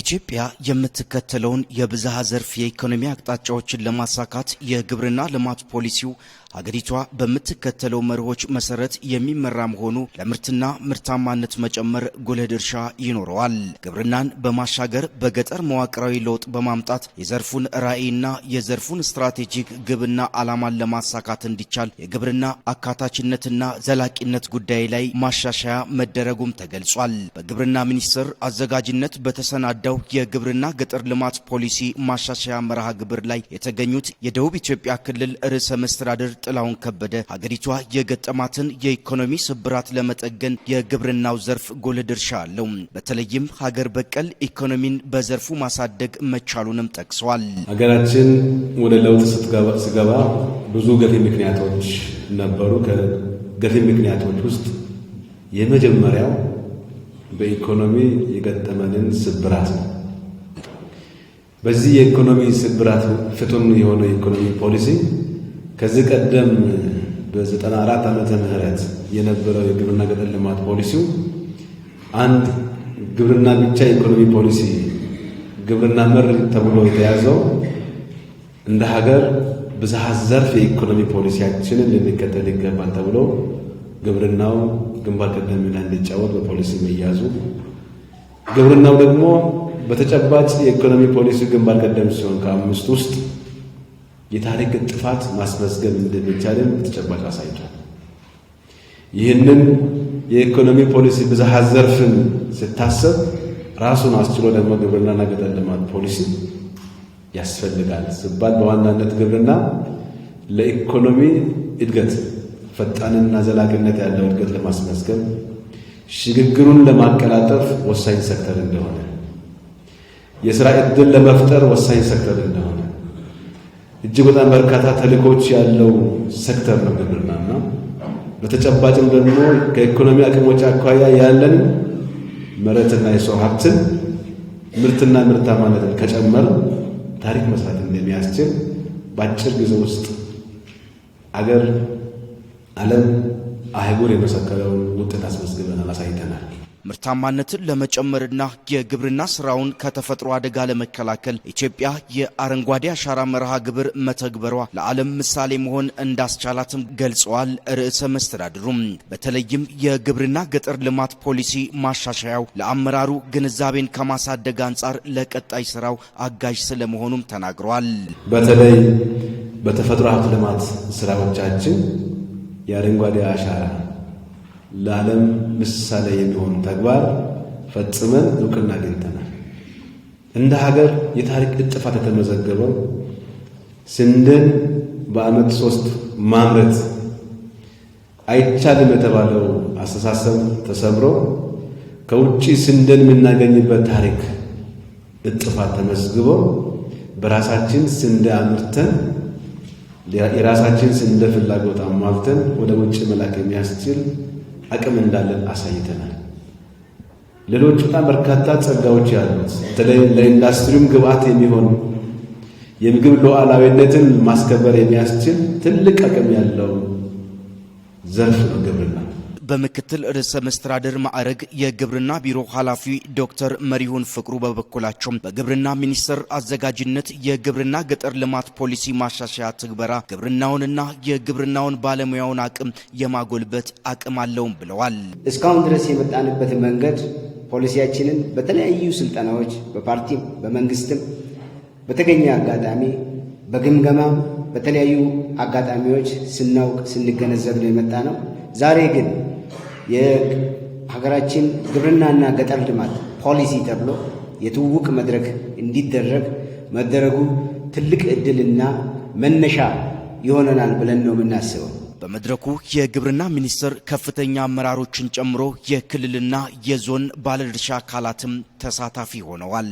ኢትዮጵያ የምትከተለውን የብዝሃ ዘርፍ የኢኮኖሚ አቅጣጫዎችን ለማሳካት የግብርና ልማት ፖሊሲው ሀገሪቷ በምትከተለው መርሆች መሰረት የሚመራ መሆኑ ለምርትና ምርታማነት መጨመር ጉልህ ድርሻ ይኖረዋል። ግብርናን በማሻገር በገጠር መዋቅራዊ ለውጥ በማምጣት የዘርፉን ራዕይና የዘርፉን ስትራቴጂክ ግብና ዓላማን ለማሳካት እንዲቻል የግብርና አካታችነትና ዘላቂነት ጉዳይ ላይ ማሻሻያ መደረጉም ተገልጿል። በግብርና ሚኒስቴር አዘጋጅነት በተሰናዱ በተሰናዳው የግብርና ገጠር ልማት ፖሊሲ ማሻሻያ መርሃ ግብር ላይ የተገኙት የደቡብ ኢትዮጵያ ክልል ርዕሰ መስተዳድር ጥላሁን ከበደ ሀገሪቷ የገጠማትን የኢኮኖሚ ስብራት ለመጠገን የግብርናው ዘርፍ ጉልህ ድርሻ አለው፣ በተለይም ሀገር በቀል ኢኮኖሚን በዘርፉ ማሳደግ መቻሉንም ጠቅሰዋል። ሀገራችን ወደ ለውጥ ስትገባ ብዙ ገፊ ምክንያቶች ነበሩ። ከገፊ ምክንያቶች ውስጥ የመጀመሪያው በኢኮኖሚ የገጠመንን ስብራት ነው። በዚህ የኢኮኖሚ ስብራት ፍቱን የሆነ የኢኮኖሚ ፖሊሲ ከዚህ ቀደም በ94 ዓመተ ምህረት የነበረው የግብርና ገጠር ልማት ፖሊሲው አንድ ግብርና ብቻ የኢኮኖሚ ፖሊሲ ግብርና መር ተብሎ የተያዘው እንደ ሀገር ብዝሃ ዘርፍ የኢኮኖሚ ፖሊሲያችንን ልንከተል ይገባል ተብሎ ግብርናው ግንባር ቀደም ሚና እንዲጫወት በፖሊሲ መያዙ ግብርናው ደግሞ በተጨባጭ የኢኮኖሚ ፖሊሲ ግንባር ቀደም ሲሆን ከአምስት ውስጥ የታሪክ ጥፋት ማስመዝገብ እንደሚቻልን በተጨባጭ አሳይቷል። ይህንን የኢኮኖሚ ፖሊሲ ብዝሃ ዘርፍን ስታሰብ ራሱን አስችሎ ደግሞ ግብርናና ገጠር ልማት ፖሊሲ ያስፈልጋል ሲባል በዋናነት ግብርና ለኢኮኖሚ እድገት ፈጣንና ዘላቂነት ያለው እድገት ለማስመዝገብ ሽግግሩን ለማቀላጠፍ ወሳኝ ሴክተር እንደሆነ የስራ እድል ለመፍጠር ወሳኝ ሴክተር እንደሆነ እጅግ በጣም በርካታ ተልእኮች ያለው ሴክተር ነው ግብርናና በተጨባጭም ደግሞ ከኢኮኖሚ አቅሞች አኳያ ያለን መሬትና የሰው ሀብትን ምርትና ምርታማነትን ከጨመር ታሪክ መስራት እንደሚያስችል በአጭር ጊዜ ውስጥ አገር ዓለም አህጉር የመሰከረውን ውጤት አስመዝግበናል፣ አሳይተናል። ምርታማነትን ለመጨመርና የግብርና ስራውን ከተፈጥሮ አደጋ ለመከላከል ኢትዮጵያ የአረንጓዴ አሻራ መርሃ ግብር መተግበሯ ለዓለም ምሳሌ መሆን እንዳስቻላትም ገልጸዋል። ርዕሰ መስተዳድሩም በተለይም የግብርና ገጠር ልማት ፖሊሲ ማሻሻያው ለአመራሩ ግንዛቤን ከማሳደግ አንጻር ለቀጣይ ስራው አጋዥ ስለመሆኑም ተናግረዋል። በተለይ በተፈጥሮ ሀብት ልማት ስራዎቻችን የአረንጓዴ አሻራ ለዓለም ምሳሌ የሚሆን ተግባር ፈጽመን እውቅና አግኝተናል። እንደ ሀገር የታሪክ እጥፋት የተመዘገበው ስንዴን በዓመት ሶስት ማምረት አይቻልም የተባለው አስተሳሰብ ተሰብሮ ከውጭ ስንዴን የምናገኝበት ታሪክ እጥፋት ተመዝግቦ በራሳችን ስንዴ አምርተን የራሳችን እንደ ፍላጎት አሟልተን ወደ ውጭ መላክ የሚያስችል አቅም እንዳለን አሳይተናል። ሌሎች በጣም በርካታ ጸጋዎች ያሉት በተለይ ለኢንዱስትሪውም ግብዓት የሚሆን የምግብ ሉዓላዊነትን ማስከበር የሚያስችል ትልቅ አቅም ያለው ዘርፍ ነው ግብርና። በምክትል ርዕሰ መስተዳደር ማዕረግ የግብርና ቢሮ ኃላፊ ዶክተር መሪሁን ፍቅሩ በበኩላቸው በግብርና ሚኒስቴር አዘጋጅነት የግብርና ገጠር ልማት ፖሊሲ ማሻሻያ ትግበራ ግብርናውንና የግብርናውን ባለሙያውን አቅም የማጎልበት አቅም አለውም ብለዋል። እስካሁን ድረስ የመጣንበት መንገድ ፖሊሲያችንን በተለያዩ ስልጠናዎች በፓርቲም በመንግስትም በተገኘ አጋጣሚ በግምገማ በተለያዩ አጋጣሚዎች ስናውቅ ስንገነዘብ ነው የመጣ ነው። ዛሬ ግን የሀገራችን ግብርናና ገጠር ልማት ፖሊሲ ተብሎ የትውውቅ መድረክ እንዲደረግ መደረጉ ትልቅ እድልና መነሻ ይሆነናል ብለን ነው የምናስበው። በመድረኩ የግብርና ሚኒስቴር ከፍተኛ አመራሮችን ጨምሮ የክልልና የዞን ባለድርሻ አካላትም ተሳታፊ ሆነዋል።